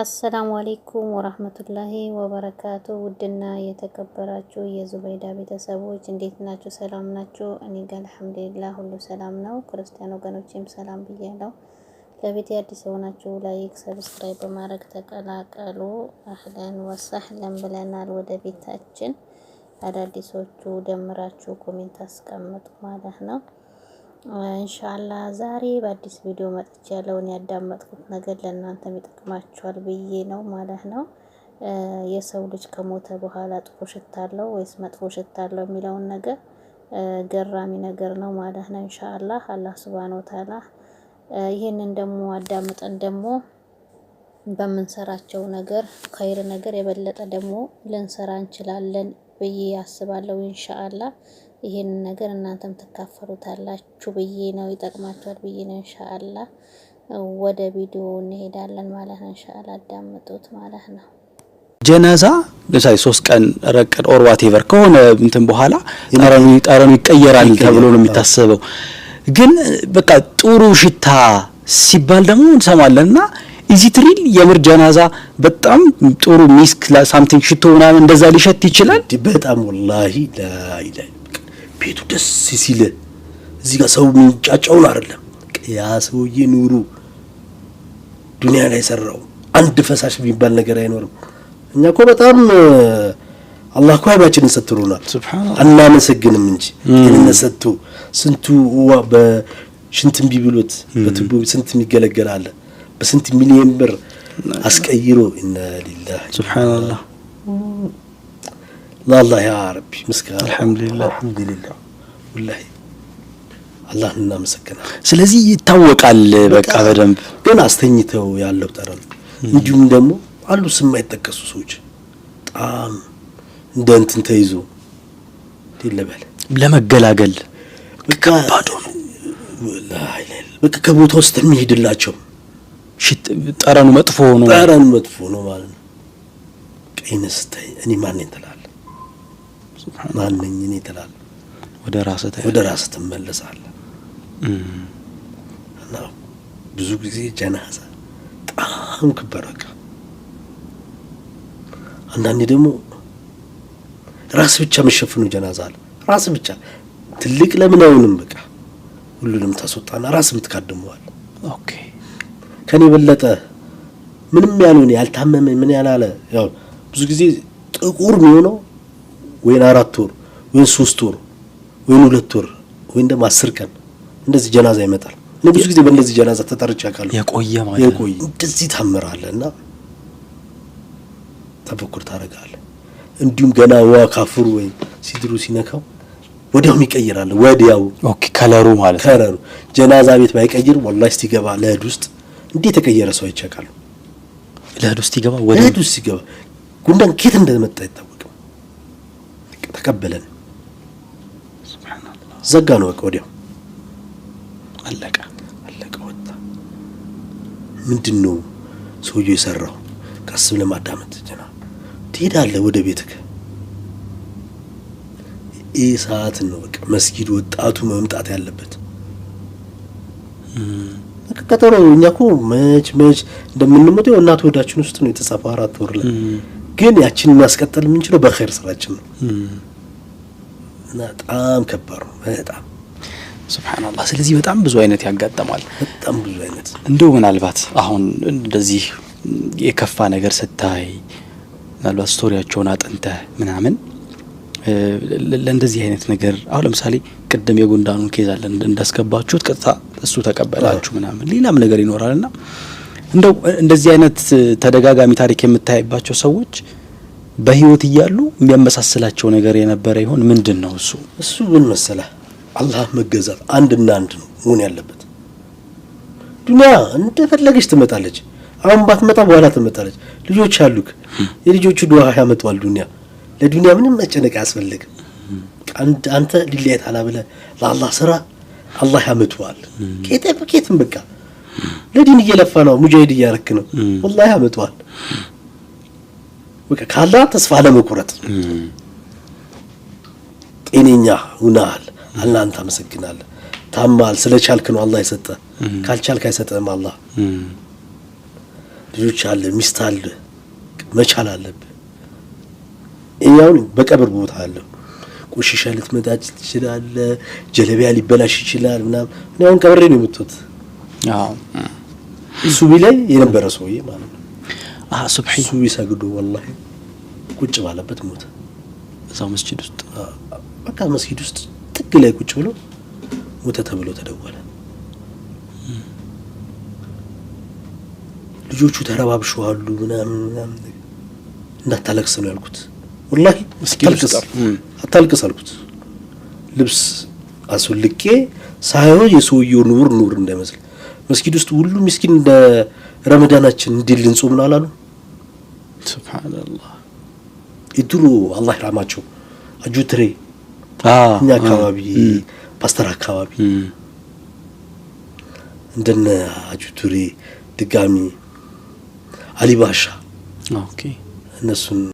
አሰላሙ አሌይኩም ወራህመቱላሂ ወበረካቱ። ውድና የተከበራችሁ የዙበይዳ ቤተሰቦች እንዴት ናችሁ? ሰላም ናችሁ? እኔ ጋር አልሐምዱሊላህ ሁሉ ሰላም ነው። ክርስቲያን ወገኖችም ሰላም ብያለሁ። ለቤት አዲስ የሆናችሁ ላይክ፣ ሰብስክራይብ በማድረግ ተቀላቀሉ። አህለን ወሳህለን ብለናል። ወደ ቤታችን አዳዲሶቹ ደምራችሁ ኮሜንት አስቀምጡ ማለት ነው። እንሻላ ዛሬ በአዲስ ቪዲዮ መጥቼ ያለውን ያዳመጥኩት ነገር ለእናንተም ይጠቅማችኋል ብዬ ነው ማለት ነው። የሰው ልጅ ከሞተ በኋላ ጥሩ ሽታ አለው ወይስ መጥፎ ሽታ አለው የሚለውን ነገር ገራሚ ነገር ነው ማለት ነው። እንሻላ አላህ ሱብሃነሁ ወተዓላ ይህንን ደግሞ አዳምጠን ደግሞ በምንሰራቸው ነገር ከይር ነገር የበለጠ ደግሞ ልንሰራ እንችላለን ብዬ ያስባለው ኢንሻአላህ ይሄን ነገር እናንተም ትካፈሉታላችሁ ብዬ ነው፣ ይጠቅማችኋል ብዬ ነው። እንሻአላ ወደ ቪዲዮ እንሄዳለን ማለት ነው። እንሻአላ አዳምጡት ማለት ነው። ጀነዛ ለምሳሌ ሶስት ቀን ረቀድ ኦር ዋቴቨር ከሆነ እንትን በኋላ ጠረኑ ይቀየራል ተብሎ ነው የሚታሰበው። ግን በቃ ጥሩ ሽታ ሲባል ደግሞ እንሰማለንና ኢዚትሪል የምር ጀናዛ በጣም ጥሩ ሚስክ ሳምቲንግ ሽቶ ምናምን እንደዛ ሊሸት ይችላል። በጣም ወላሂ ላይላይ ቤቱ ደስ ሲል እዚህ ጋር ሰው የሚንጫጫውን አይደለም። ያ ሰውዬ ኑሩ ዱንያ ላይ ሰራው አንድ ፈሳሽ የሚባል ነገር አይኖርም። እኛ እኮ በጣም አላህ እኮ አይባችንን ሰትሮናል፣ አናመሰግንም እንጂ ይህንን ሰጥቶ ስንቱ በሽንት እምቢ ብሎት በትቦ ስንት የሚገለገል አለ በስንት ሚሊየን ብር አስቀይሮ ኢና ሊላህ ሱብሃነላህ ለአላህ ያ ረቢ ምስጋና አልሐምዱሊላህ አልሐምዱሊላህ ወላሂ አላህ እናመሰግናል። ስለዚህ ይታወቃል በቃ በደንብ ግን አስተኝተው ያለው ጠረን እንዲሁም ደግሞ አሉ ስም አይጠቀሱ ሰዎች በጣም እንደ እንትን ተይዞ ይለበል ለመገላገል ከባድ ነው። በቃ ከቦታ ውስጥ የሚሄድላቸው ጠረኑ መጥፎ ነው። ጠረኑ መጥፎ ነው ማለት ነው። ቀይነስታይ እኔ ማንን ተላ ሱብሃን አለኝ እኔ ትላለህ፣ ወደ ራስህ ወደ ራስህ ትመለሳለህ። እና ብዙ ጊዜ ጀናዛ በጣም ክበረካ አንዳንዴ ደግሞ ራስ ብቻ የሚሸፍኑ ጀናዛ አለ። ራስ ብቻ ትልቅ ለምን አይሆንም? በቃ ሁሉንም ታስወጣና ራስ የምትካድመዋል። ኦኬ ከኔ በለጠ ምንም ያልሆነ ያልታመመ ምን ያላለ ያው ብዙ ጊዜ ጥቁር የሚሆነው ወይን አራት ወር ወይን ሶስት ወር ወይን ሁለት ወር ወይን ደግሞ አስር ቀን እንደዚህ ጀናዛ ይመጣል። እኔ ብዙ ጊዜ በእንደዚህ ጀናዛ ተጠርቼ አውቃለሁ። የቆየ ማለት የቆየ እንደዚህ ታምራለህ እና ተፈኩር ታደርጋለህ። እንዲሁም ገና ዋ ካፍሩ ወይ ሲድሩ ሲነካው ወዲያውም ይቀይራል። ወዲያው ኦኬ፣ ከለሩ ማለት ከለሩ ጀናዛ ቤት ባይቀይር ወላሂ እስኪገባ ለእህድ ውስጥ እንዴት የተቀየረ ሰው አይቻቃሉ። ለእህድ ውስጥ ይገባ ወደ ለእህድ ውስጥ ይገባ ጉንዳን ኬት እንደመጣ ይታወቅ አስቀበለን። ዘጋ ነው በቃ ወዲያው አለቀ አለቀ ወጣ። ምንድን ነው ሰውዬው የሰራው? ቀስ ብለህ ማዳመጥ ጀና ትሄዳለህ ወደ ቤትህ። ይህ ሰዓትን ነው በቃ መስጊድ ወጣቱ መምጣት ያለበት ቀጠሮ። እኛ እኮ መች መች እንደምንሞተው እናት ወዳችን ውስጥ ነው የተጻፈው አራት ወር ላይ ግን ያችን እናስቀጠል የምንችለው በኸይር ስራችን ነው። በጣም ከባድ ነው። በጣም ሱብሃናላህ። ስለዚህ በጣም ብዙ አይነት ያጋጠማል። በጣም ብዙ አይነት እንደው ምናልባት አሁን እንደዚህ የከፋ ነገር ስታይ ምናልባት ስቶሪያቸውን አጥንተ ምናምን ለእንደዚህ አይነት ነገር አሁን ለምሳሌ ቅድም የጉንዳኑን ኬዝ እንዳስገባችሁት ቀጥታ እሱ ተቀበላችሁ ምናምን ሌላም ነገር ይኖራል እና እንደው እንደዚህ አይነት ተደጋጋሚ ታሪክ የምታይባቸው ሰዎች በህይወት እያሉ የሚያመሳስላቸው ነገር የነበረ ይሆን? ምንድን ነው እሱ? እሱ ምን መሰለህ፣ አላህ መገዛት አንድና አንድ ነው መሆን ያለበት። ዱንያ እንደፈለገች ትመጣለች። አሁን ባትመጣ በኋላ ትመጣለች። ልጆች አሉክ፣ የልጆቹ ዱዓ ያመጣዋል። ዱንያ ለዱንያ ምንም መጨነቅ አያስፈልግም። አንተ ሊለያት አላ ብለህ ለአላህ ስራ፣ አላህ ያመጣዋል። ኬትም በቃ ለዲን እየለፋ ነው፣ ሙጃሂድ እያረክ ነው፣ ወላሂ ያመጣዋል። በቃ ካላ ተስፋ ለመቁረጥ ጤነኛ ሁናል። አላህ አንተ አመሰግናለሁ። ታማል ስለቻልክ ነው አላህ የሰጠ። ካልቻልክ አይሰጠም አላህ። ልጆች አለ፣ ሚስት አለ፣ መቻል አለብህ። እያውን በቀብር ቦታ አለው ቆሽሻ ልትመጣ ትችላለ፣ ጀለቢያ ሊበላሽ ይችላል ምናምን። አሁን ቀብሬ ነው የምትወት እሱ ቢላይ የነበረ ሰውዬ ማለት ነው ሱብሒ ይሰግዱ ወላሂ ቁጭ ባለበት ሞተ። እዛው መስጂድ ውስጥ በቃ መስጂድ ውስጥ ጥግ ላይ ቁጭ ብሎ ሞተ ተብሎ ተደወለ። ልጆቹ ተረባብሸዋሉ ምናምን ምናምን። እንዳታለቅስ ነው ያልኩት፣ ወላሂ አታልቅስ አልኩት። ልብስ አስወልቄ ሳይሆን የሰውየው ኑር ኑር እንዳይመስል መስጊድ ውስጥ ሁሉ ምስኪን እንደ ረመዳናችን እንዲል ልንጾም ነው አላሉ ሱብሃነላህ የድሮ አላህ ይራማቸው አጁትሬ እኛ አካባቢ ፓስተር አካባቢ እንደነ አጁቱሬ ድጋሚ አሊባሻ ባሻ እነሱን